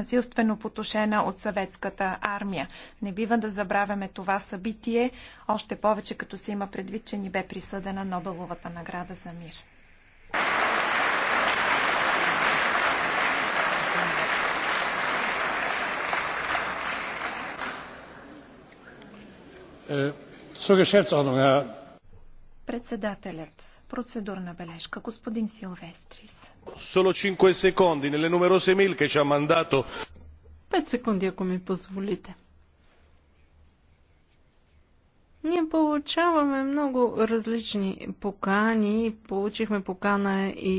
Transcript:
насилствено потушена от съветската армия. Не бива да забравяме това събитие, още повече като се има предвид, че ни бе присъдена Нобеловата награда за мир. Zur Geschäftsordnung, Herr Председателят. Процедурна бележка. Господин Силвестрис. Соло 5 секунди, неле numerose mail ке ча ha mandato. 5 секунди, ако ми позволите. Ние получаваме много различни покани. Получихме покана и